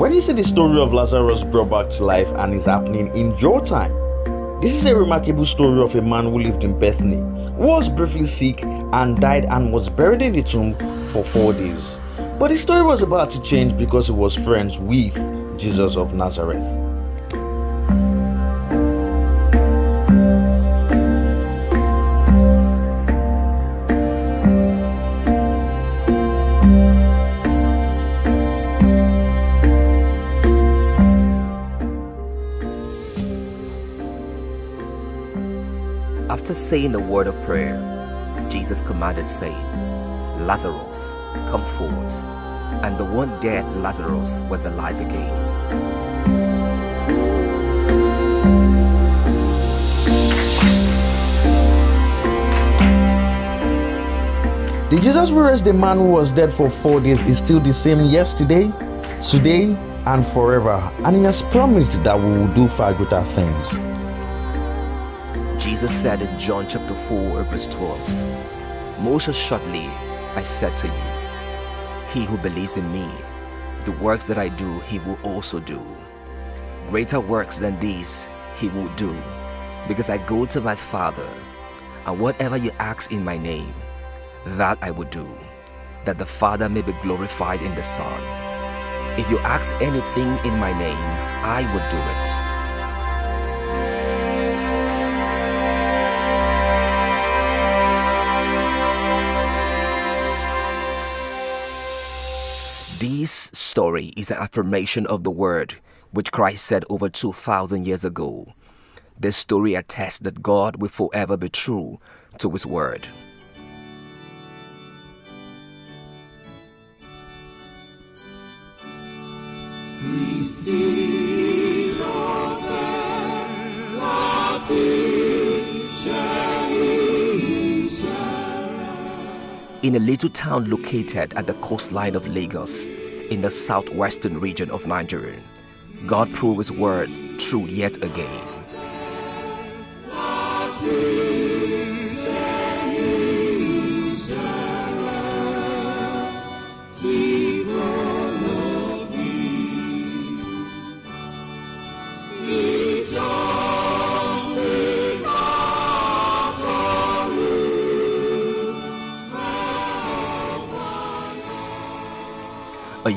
When you see the story of Lazarus brought back to life and is happening in your time, this is a remarkable story of a man who lived in Bethany, was briefly sick, and died and was buried in the tomb for four days. But his story was about to change because he was friends with Jesus of Nazareth. After saying the word of prayer, Jesus commanded, saying, Lazarus, come forth. And the one dead Lazarus was alive again. The Jesus raise the man who was dead for four days is still the same yesterday, today, and forever. And he has promised that we will do far greater things. Jesus said in John chapter 4, verse 12, Most assuredly, I said to you, He who believes in me, the works that I do, he will also do. Greater works than these he will do, because I go to my Father, and whatever you ask in my name, that I will do, that the Father may be glorified in the Son. If you ask anything in my name, I will do it This story is an affirmation of the word which Christ said over 2,000 years ago. This story attests that God will forever be true to His word. in a little town located at the coastline of Lagos in the southwestern region of Nigeria. God proved his word true yet again.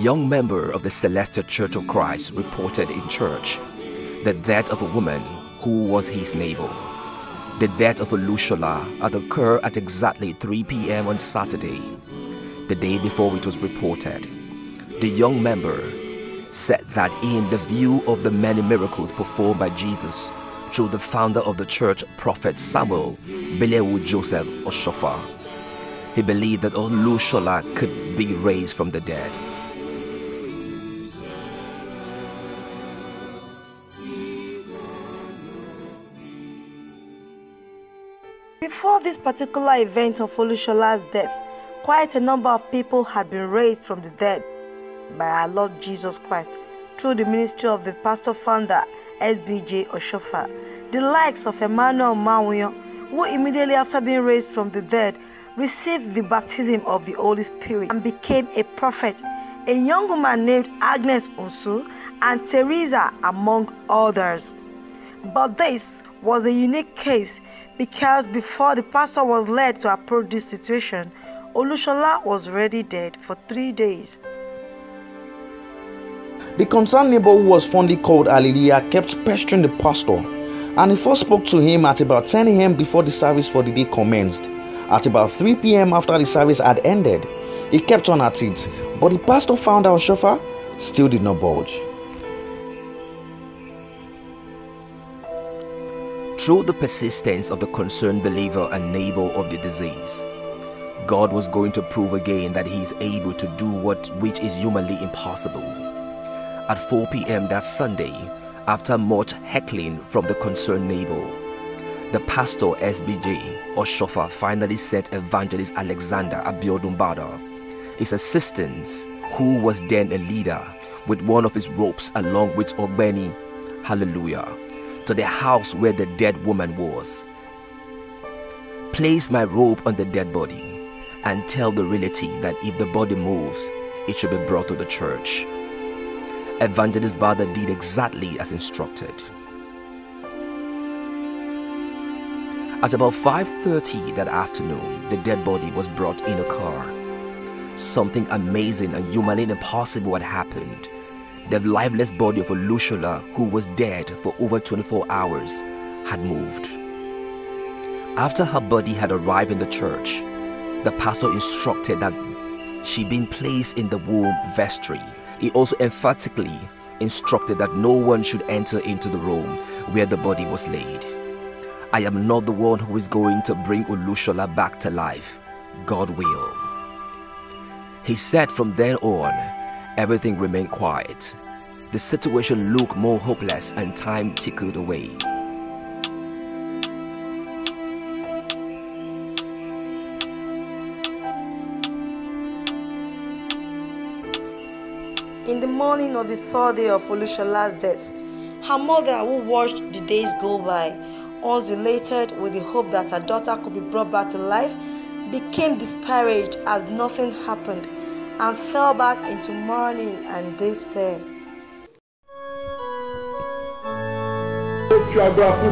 young member of the Celestial Church of Christ reported in church the death of a woman who was his neighbor. The death of Lushola had occurred at exactly 3 p.m. on Saturday, the day before it was reported. The young member said that in the view of the many miracles performed by Jesus through the founder of the church, Prophet Samuel Belewu Joseph Oshofa, he believed that Olushola could be raised from the dead. Before this particular event of Olushola's death, quite a number of people had been raised from the dead by our Lord Jesus Christ through the ministry of the pastor founder SBJ Oshofa. The likes of Emmanuel Mawuyo, who immediately after being raised from the dead, received the baptism of the Holy Spirit and became a prophet. A young woman named Agnes Unsu and Teresa among others. But this was a unique case because before the pastor was led to approach this situation, Olushola was already dead for three days. The concerned neighbor who was fondly called Alleluia kept pestering the pastor, and he first spoke to him at about 10 a.m. before the service for the day commenced. At about 3 p.m. after the service had ended, he kept on at it, but the pastor found our chauffeur still did not budge. Through the persistence of the concerned believer and neighbor of the disease, God was going to prove again that he is able to do what which is humanly impossible. At 4 p.m. that Sunday, after much heckling from the concerned neighbor, the pastor SBJ Oshofa finally sent evangelist Alexander Abiodumbada, his assistant, who was then a leader, with one of his ropes along with Ogbeni. Hallelujah to the house where the dead woman was. Place my robe on the dead body and tell the relative that if the body moves, it should be brought to the church. Evangelist Bada did exactly as instructed. At about 5.30 that afternoon, the dead body was brought in a car. Something amazing and humanly impossible had happened the lifeless body of Olushula, who was dead for over 24 hours, had moved. After her body had arrived in the church, the pastor instructed that she be placed in the womb vestry. He also emphatically instructed that no one should enter into the room where the body was laid. I am not the one who is going to bring Ulushola back to life. God will. He said from then on, everything remained quiet. The situation looked more hopeless and time tickled away. In the morning of the third day of Olushola's death, her mother, who watched the days go by, oscillated with the hope that her daughter could be brought back to life, became disparaged as nothing happened and fell back into mourning and despair. ó fi agbára fún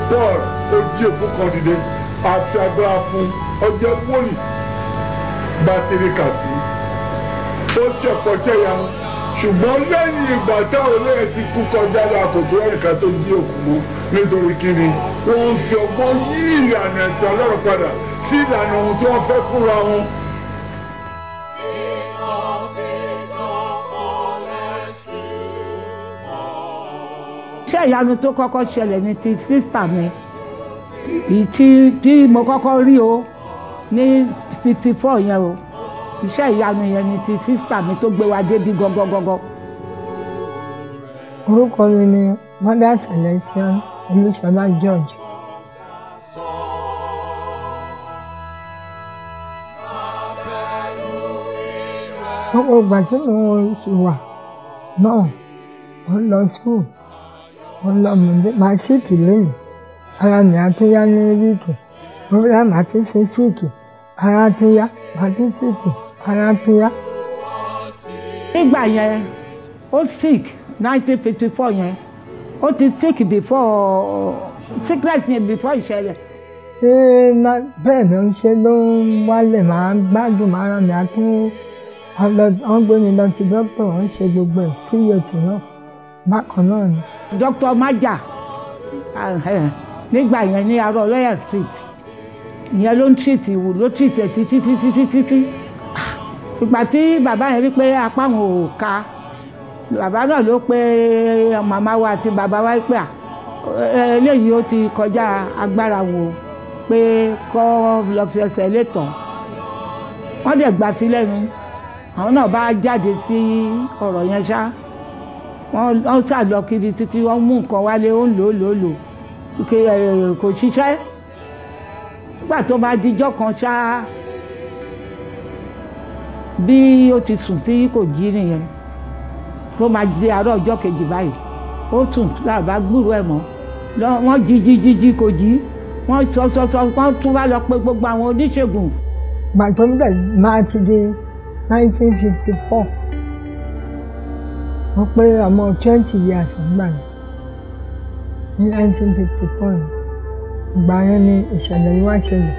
ṣùgbọ́n lẹ́yìn ìgbà táwọn olóyè ti kú kọjá lọ àkókò ẹnìkan tó jí òkú mú nítorí kíni wọ́n ń fi ọgbọ́n yí ìlànà ẹ̀sìn ọlọ́run padà sí ìlànà ohun tí wọ́n fẹ́ fúnra wọn. iṣẹ́ ìyanu tó kọ́kọ́ ṣẹlẹ̀ ni ti sísà mi ìtì tí mo kọ́kọ́ rí o ní fifty four yẹn o iṣẹ́ ìyanu yẹn ni ti sísà mi tó gbé wa débi gọ́gọ́gọ́gọ́. orúkọ mi ni mother celestial olúṣọlá george. gbogbo ìgbà tí mo ṣì wà náà mo ń lọ school mo lọ mò ń dé máa síìkì lónìí ara mi á tún yá ní wíìkì mo rí àmà tún ṣe síìkì ara tún yá màá tún síìkì ara tún yá. nígbà yẹn ó sick nineteen fifty four yẹn ó ti sick before sickness yẹn before ìṣẹ̀lẹ̀. ṣé bẹ́ẹ̀ ló ń ṣe ló ń wálẹ̀ máa ń gbádùn máa rán mi àti wọ́n lọ sí dókítà wọ́n ṣe gbogbo ẹ̀ síyẹ̀tì náà bákan náà ni. Doctor, maja nígbà yẹn ní arọ lawyer street ìyẹn ló ń treat ìwù ló treat ẹ títí títí títí tí ìgbà tí bàbá yẹn rí pé apá wọn ò ka bàbá náà ló pe màmá wa àti bàbá wa pé eléyìí ó ti kọjá agbára wo pé kọ́ lọ fi ẹsẹ̀ létọ̀ wọ́n dẹ̀ gbà sí lẹ́nu àwọn náà bá jáde sí ọ̀rọ̀ yẹn ṣáá wọ́n ṣàlọ kiri títí wọ́n mú nǹkan wálé ó ń lò ó lò ó lò kò ṣiṣẹ́ nígbà tó bá dijọ́ kan ṣáá bí ó ti sùn sí kò jí nìyẹn tó máa di àárọ̀ ọjọ́ kejì báyìí ó sùn làbá gbúrò ẹ̀ mọ́ wọ́n jí jí jí jí kò jí wọ́n sọ sọ sọ wọ́n tún wá lọ pé gbogbo àwọn oníṣègùn. gbàgbọ́n bẹ̀rẹ̀ máa fi nineteen fifty four wọ́n pé ọmọ twenty years nígbà yẹn ní nineteen fifty four ìgbà yẹn ni ìṣẹ̀lẹ̀ yìí wá ṣẹlẹ̀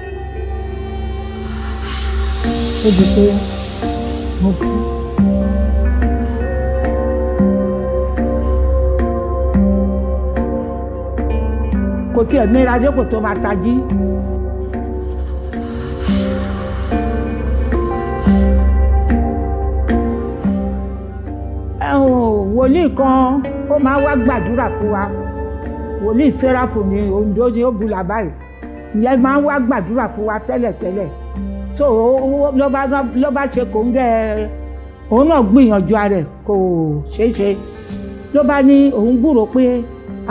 ó di pé mo kú. kò tiẹ̀ nira jókòó tó máa tají. wòlíì kan ó máa wá gbàdúrà fún wa wòlíì sẹ́ráfù ní Ondo ní òbúlà báyìí ìyẹn máa ń wá gbàdúrà fún wa tẹ́lẹ̀tẹ́lẹ̀ so ló bá ṣe kò ń gẹ́ òun náà gbìyànjú ara ẹ̀ kò ṣeé ṣe ló bá ní òun gbúrò pé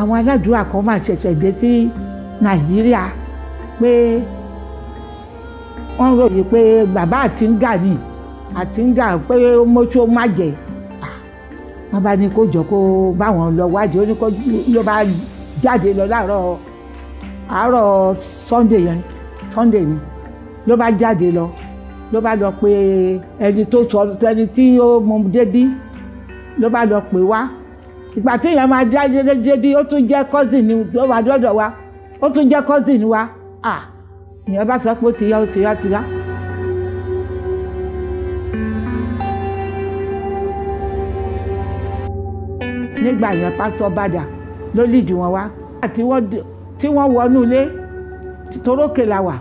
àwọn aládùúrà kan máa ṣẹ̀ṣẹ̀ dé sí Nàìjíríà pé wọ́n ròyìn pé bàbá àti ń gà ní àti ń gà pé mọ́ṣọ́ má jẹ́ wọ́n bá ní kó jọ kó báwọn lọ wádìí ó ní kó ló bá jáde lọ láàárọ̀ àárọ̀ sunday yẹn sunday ni ló bá jáde lọ ló bá lọ pé ẹni tó sọ ẹni tí ó mú débí ló bá lọ pè wá ìgbà tí èèyàn máa jáde débí ó tún jẹ́ cousin ló wà lọ́dọ̀ wa ó tún jẹ́ cousin wa ah ìyẹn bá sọ pé ó ti yá ó ti yá ti yá. nígbà yẹn pásítọ̀ bàdà ló lìdí wọn wá tí wọ́n wọnú ilé torókè la wà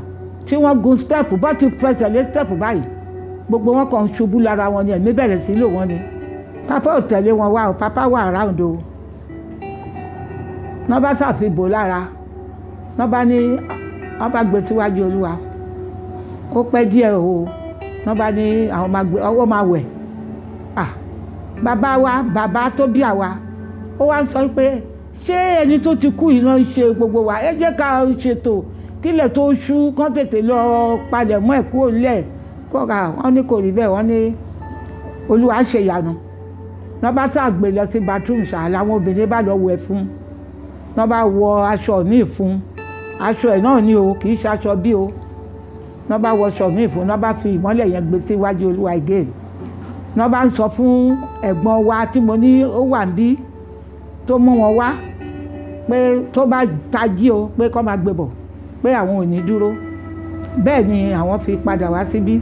tí wọ́n gun step bó ti fẹsẹ̀ lé step báyìí gbogbo wọn kàn ṣubú lára wọn ni ẹ̀mí bẹ̀rẹ̀ sí lò wọ́n ni pápá ò tẹ̀lé wọn wá o pápá wà ráùndó wọn bá ṣàfihàn lára wọn bá ní wọn bá gbé síwájú olúwa kó pẹ́ díẹ̀ o wọn bá ní àwọn ọmọ àwẹ̀ bàbá wa bàbá tó bí àwa ó wá ń sọ pé ṣé ẹni tó ti kú yìí náà ń ṣe gbogbo wa ẹ jẹ́ ká ṣètò kílẹ̀ tó ṣú kán tètè lọ palẹ̀ mọ́ ẹ̀ kúrò lẹ̀ kọ́ra wọ́n ní kò rí bẹ́ẹ̀ wọ́n ní olúwa ṣe ìyanu wọ́n bá sá gbé lọ sí bathroom ṣáà làwọn obìnrin bá lọ wẹ̀ fún wọ́n bá wọ aṣọ míì fún aṣọ ẹ̀ náà ni o kì í ṣaṣọ bí o wọ́n wọ aṣọ míì fún wọ́n fi ìmọ́lẹ̀ yẹn gbé síwájú olúwa again wọ́n ń sọ fún ẹ̀gbọ́n wa tí mo ní ó wà ń bí tó mú wọn wá pé tó bá tají o pé kó máa gbé bọ̀ pé àwọn ò ní dúró bẹ́ẹ̀ ni àwọn fi padà wá síbí.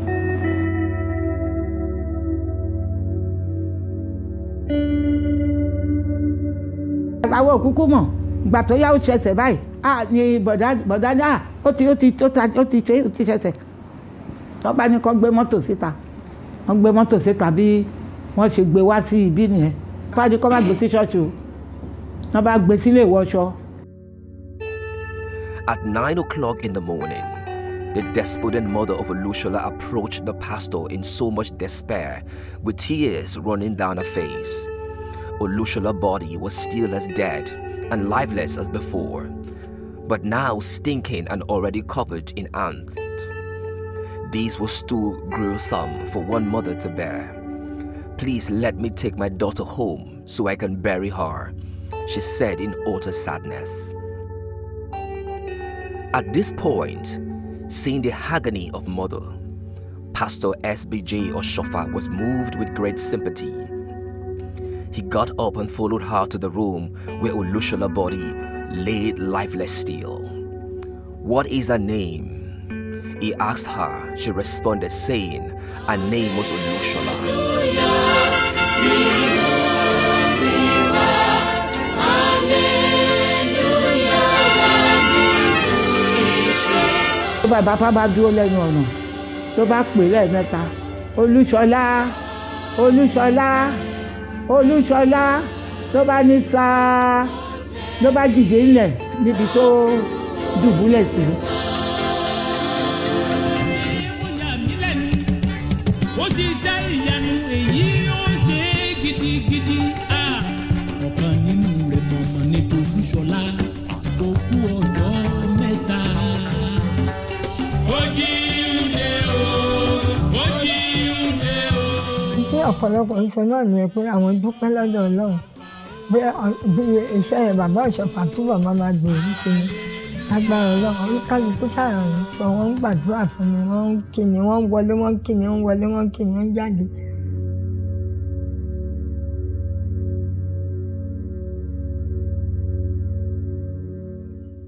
àwọn òkúkú mọ̀ gbà tó yá ó ṣẹ̀ṣẹ̀ báyìí à ní bọ̀dá bọ̀dá náà ó ti ó ti ó ta ó ti ṣe ó ti ṣẹ̀ṣẹ̀ tó bá ní kó gbé mọ́tò síta wọ́n gbé mọ́tò síta bí wọ́n ṣe gbé wá sí ibí nìyẹn fáwọn ni kó má gbé sí ṣọ́ọ̀ṣì o. At nine o'clock in the morning, the despondent mother of Olushola approached the pastor in so much despair, with tears running down her face. Olushola's body was still as dead and lifeless as before, but now stinking and already covered in ants. These was too gruesome for one mother to bear. Please let me take my daughter home so I can bury her, she said in utter sadness. At this point, seeing the agony of mother, Pastor S.B.J. Oshofa was moved with great sympathy. He got up and followed her to the room where Olushola body lay lifeless still. What is her name? He asked her. She responded saying, her name was Olushola. bàbá bá bá dúró lẹ́nu ọ̀nà tó bá pè lẹ́ẹ̀mẹ́ta olúṣọlá olúṣọlá olúṣọlá tó bá ní sáá ló bá dìde ńlẹ̀ níbi tó dùbúlẹ̀ sí. ó ti ọ̀kan nínú rẹ̀ mọ̀mọ́ ní tòlúṣọlá tó ọjọ́. ọ̀pọ̀lọpọ̀ ń sọ náà nìyẹn pé àwọn dúpẹ́ lọ́dọ̀ Ọlọ́run bí iṣẹ́ bàbá Ọ̀ṣọ́fà tí bàbá máa gbèrú sí ni agbára Ọlọ́run oníkálukú sàrà ń sọ wọ́n ń gbàdúrà fún mi wọ́n ń kí mi wọ́n ń wọlé wọ́n ń kí mi wọ́n ń wọlé wọ́n ń kí mi wọ́n ń jáde.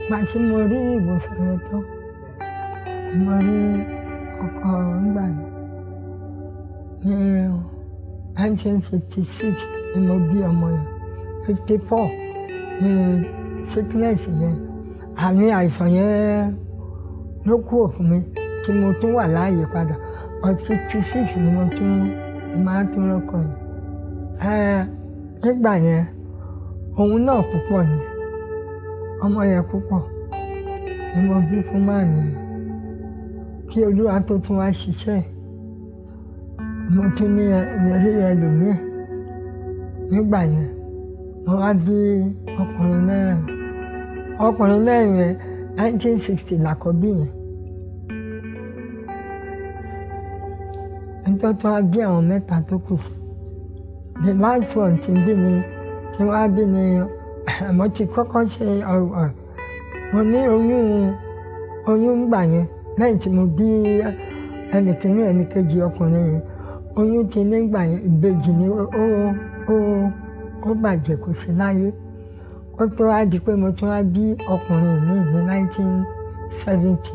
gbà tí mo rí ìwòsàn yẹn tán mo rí ọkọ ńgbà yẹn. 1956 ni mo bí ọmọ yẹn 54 ni sickness yẹn àmì àìsàn yẹn ló kúrò fún mi tí mo tún wà láàyè padà but 56 ni mo tún máa tún lọ́kọ yẹn. nígbà yẹn òun náà púpọ̀ ni ọmọ yẹn púpọ̀ ni mo bí fún màmí kí olúwa tó tún wá ṣiṣẹ́ yìí. mo tún ní ẹ̀rí ẹlòmíì nígbà yẹn mo wá bí ọkùnrin mẹ́rin ọkùnrin mẹ́rin yẹn nineteen sixty làkọ́bí yẹn nítorí wá bí àwọn mẹ́ta tó kù the last one ti bí mi tí bí mi oyún ti nígbà yẹn ìbejì ni ó ó ó bàjẹ́ kò sí láyé ó tó wá di pé mo tún wá bí ọkùnrin mi ní nineteen seventy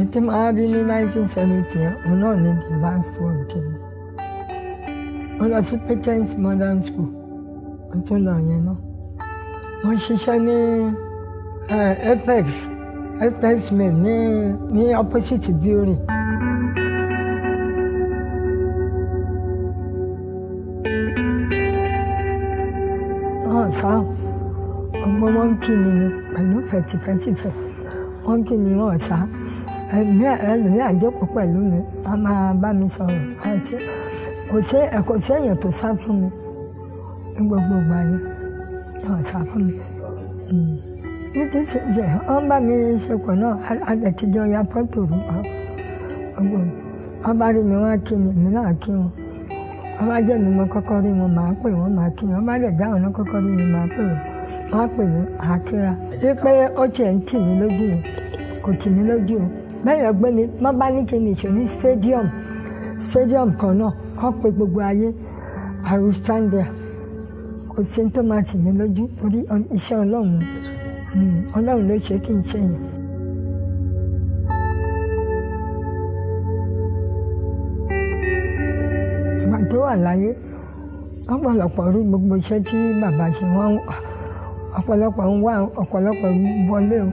ètò máa bí ní nineteen seventy òun náà ní the last one ti mi mo lọ sí patent modern school mo tún lọ yẹn náà mo ṣiṣẹ́ ní eh, apex. Uh, expressman ní ní opposite building. ọ̀hún sáà ọgbọ́n wọn ni pẹ̀lú fẹ̀tìfẹ̀tìfẹ̀ wọn kì mí wọn sá ẹ̀mí ẹlòmíà jókòó pẹ̀lú mi a máa bá mi sọ̀rọ̀ àti kò sí ẹ̀kọ́ sí èèyàn tó sá fún mi ní gbogbo ìgbà yẹn wọn sá fún mi. Hmm ní ti ṣe jẹ wọn bá mi ṣe pọ̀ náà àdẹ̀tìjọ ya pọ́tò rú pa ọgbọ̀n wọn bá rí mi wọn kí mi èmi náà kí wọn wọn bá jẹ́ mi mo kọ́kọ́ rí wọn màá pè wọn màá kí wọn wọn bá dẹ̀ dáhùn náà kọ́kọ́ rí mi màá pè wọn wọn á pè mí àkíra ṣé pé ó tiẹ̀ ń tì mí lójú o kò tì mí lójú o bẹ́ẹ̀ ọgbẹ́ mi wọ́n bá ní kí n ìṣó ní stadium stadium kan náà kọ́ pé gbogbo ayé I will stand there kò sí ní tó máa tì mí lójú torí iṣẹ́ Ọlọ́run. Hmm, ọlọ́run ló ṣe kí n ṣe yẹn. bàbá tó wà láyé ọ̀pọ̀lọpọ̀ rú gbogbo iṣẹ́ tí bàbá ṣe wọ́n ọ̀pọ̀lọpọ̀ ń wá ọ̀pọ̀lọpọ̀ wọlé o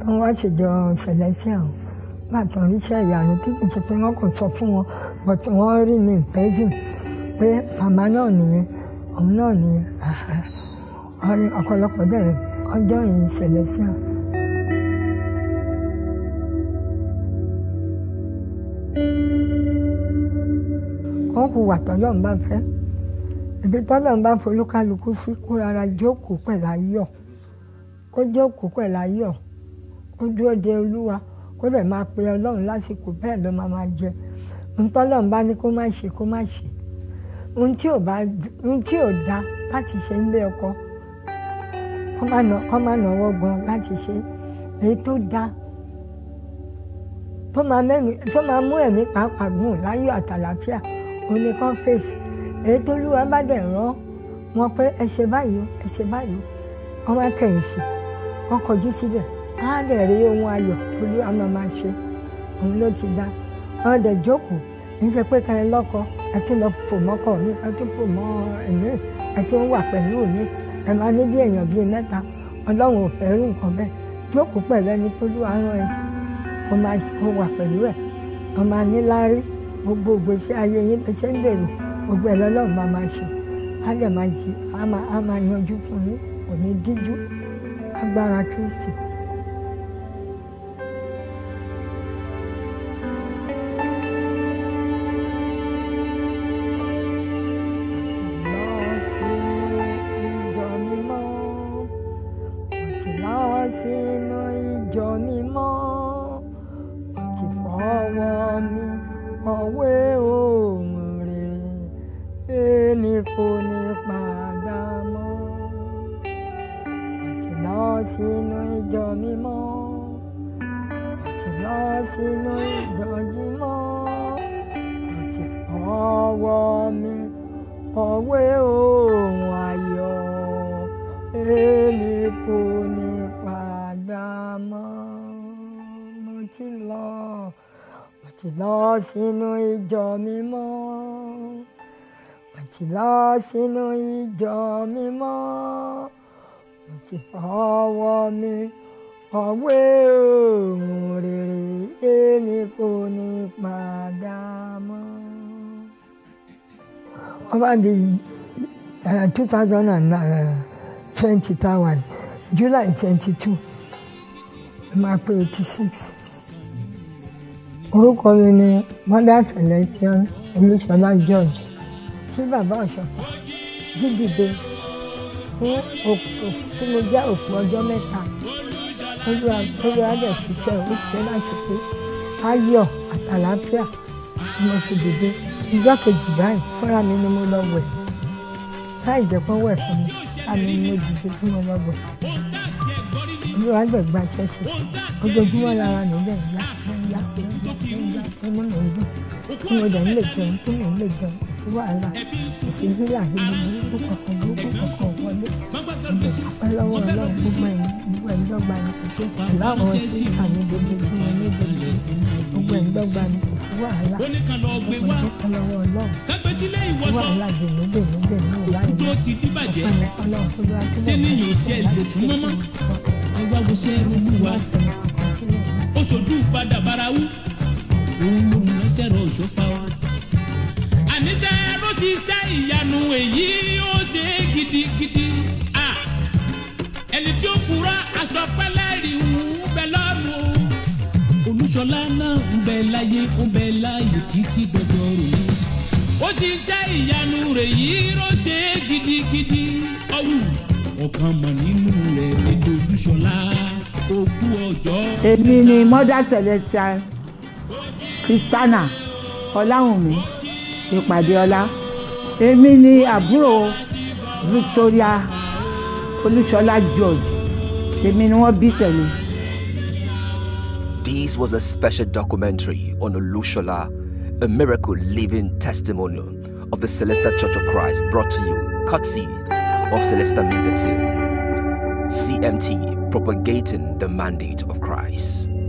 tó ń wá ṣèjọ celestial bàtàn ríṣẹ́ ìyàrá tí kì í ṣe pé wọ́n kò sọ fún wọn but wọ́n rí mi pẹ́sìn pé màmá náà nìyẹn òun náà nìyẹn ọ̀pọ̀lọpọ̀ dẹ̀ ọjọ́ yìí ṣẹlẹ̀ sí àwọn. ó hùwà tọ́lọ́run bá fẹ́ ibi tọ́lọ́run bá folúkálukú sí kó rárá jókòó pẹ̀lú ayọ̀ kó jókòó pẹ̀lú ayọ̀ kó dúró de olúwa kó lè máa pe ọlọ́run lásìkò bẹ́ẹ̀ ló máa máa jẹ ohun bá ní kó má ṣe kó má ṣe ohun tí ò dá láti ṣe nílé ọkọ kọ́ má náwó gan láti ṣe èyí tó dáa tó máa mú ẹ̀mí pàápàá gùn láyọ̀ àtàlàfíà òní kan fèsì èyí tó lúwa bá dẹ̀ rán wọn pé ẹ ṣe báyìí ẹ ṣe báyìí ọmọ kẹ̀yìn sí wọn kọjú síbẹ̀ á dẹ̀ rí ohun ayọ̀ tó lúwa máa máa ṣe òun ló ti dá wọn dẹ̀ jókòó ní ṣe pé kẹrin lọ́kọ ẹ tún lọ fò mọ́kọ mi ẹ tún fò mọ́ ẹ̀mí ẹ tún wà pẹ̀lú mi ẹ máa ní bí èèyàn bíi mẹ́ta ọlọ́run ò fẹ́ rú nǹkan bẹ́ẹ̀ jókòó pẹ̀lú ẹni tó lù àárọ̀ ẹ̀sìn kó máa kó wà pẹ̀lú ẹ̀ wọ́n máa ní láárí gbogbo ìgbésí ayé yín bẹ́ẹ̀ ṣe ń gbèrò gbogbo ẹ̀ lọ́lọ́run máa máa ṣe á dẹ̀ máa jí á máa yanjú fún yín kò ní díjú agbára Kristi. èmi kò ní padà mọ́ mo ti lọ mo ti lọ sínú ìjọ mímọ́ mo ti lọ sínú ìjọ mímọ́ mo ti fọwọ́ mi ọ̀wé òun rere èmi kò wọ́n bá di eh, two thousand and nine. Eh, twenty táwa july twenty two ẹ máa pé eighty six orúkọ mi ni mother celestial olúṣọlá george tí bàbá ọ̀ṣọ́ dídìde fún òkú tí mo jẹ́ òkú ọjọ́ mẹ́ta olúwa olúwa dẹ̀ ṣiṣẹ́ òṣìṣẹ́ láti pé ayọ̀ àtàlàáfíà ni mo fi dìde ìjọ́ kejì báyìí fúnra mi ni mo lọ wẹ̀ láì jẹ́ pọ́n wẹ̀ fún mi àmì mo dìde tí mo lọ bọ̀ olúwa gbẹ̀gbà ṣẹ̀ṣẹ̀ ojoojúmọ́ lára mi bẹ̀ ń yá ń yá ń yá ń yá mi ń dùn tí mo dẹ̀ ń lè jẹun tí mo ń lè jẹun kò wàhálà kò hílà hílà burúkú kankan burúkú kankan wọlé ibẹ̀ dúpẹ́ lọ́wọ́ ọlọ́run gbogbo ẹ̀ gbogbo ẹ̀ dọ́gba ni kò sí pẹ̀lú gbogbo tí mo ní gbogbo gbogbo ẹ̀ dọ́gba ni kò wàhálà ọlọ́run ti dìbàjẹ́ tẹ́lẹ̀yìn òsì ẹ̀ lè sún mọ́mọ́ ẹ wá wo ṣẹ́ olúwa ó ṣojú padà barawu òun ló ń lọ́sẹ̀ rọ òṣòfà wa. àníṣe ló ti ṣe ìyanu èyí ó ṣe é gidigidi ẹni tí ó kúra aṣọ pẹ́lẹ́ rí ń bẹ lọ́nu olúṣọlá náà ń bẹ láyé ń bẹ láyé títí gbọdọ̀ rò ní ó ti jẹ́ ìyanu rẹ̀ yìí ló ṣe é gidigidi ọ̀wù ọ̀kan mọ̀ nínú rẹ̀ ní dojúṣọlá ogún ọjọ́. èmi ni mother celestial christiana ọláwùnmí ìpàdé ọlá èmi ni àbúrò victoria olúṣọlá george èmi ni wọ́n bí tẹ̀lé. This was a special documentary on Olushola a miracle living testimonial of the Celestial Church of Christ brought to you courtesy of Celestial Media Team. CMT propagating the mandate of Christ.